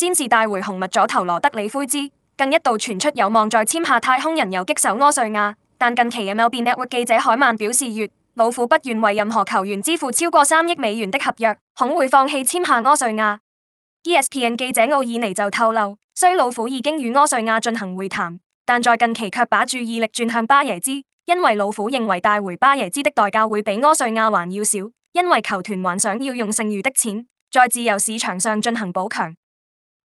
先是帶回紅襪左投羅德里奎茲，更一度傳出有望在簽下太空人游擊手柯瑞亞，但近期 MLB Network 記者海曼表示月，說老虎不願為任何球員支付超過三億美元的合約，恐會放棄簽下柯瑞亞。ESPN 記者奧爾尼就透露，雖老虎已經與柯瑞亞進行會談，但在近期卻把注意力轉向巴耶茲，因為老虎認為帶回巴耶茲的代價會比柯瑞亞還要少，因為球團還想要用剩餘的錢在自由市場上進行補強。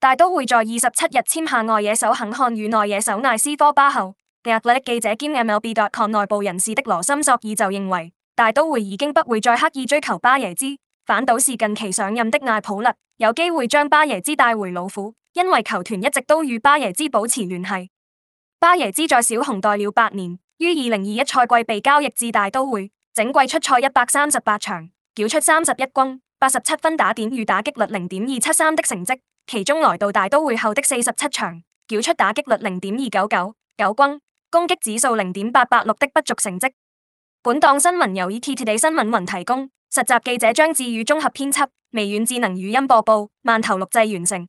大都會在二十七日簽下外野手肯漢與內野手艾斯科巴後，《The Athletic》記者兼 MLB 代刊內部人士的羅森索爾就認為，大都會已經不會再刻意追求巴耶茲，反倒是近期上任的艾普勒有機會將巴耶茲帶回老虎，因為球團一直都與巴耶茲保持聯繫。巴耶茲在小熊待了八年，於二零二一賽季被交易至大都會，整季出賽一百三十八場，繳出三十一轟、八十七分打點與打擊率零點二七三的成績。其中來到大都會後的四十七場，繳出打擊率零點二九九、九轟，攻擊指數零點八八六的不俗成績。本檔新聞由 ETtoday 新聞雲提供，實習記者張志宇綜合編輯，微軟智能語音播報，慢頭錄製完成。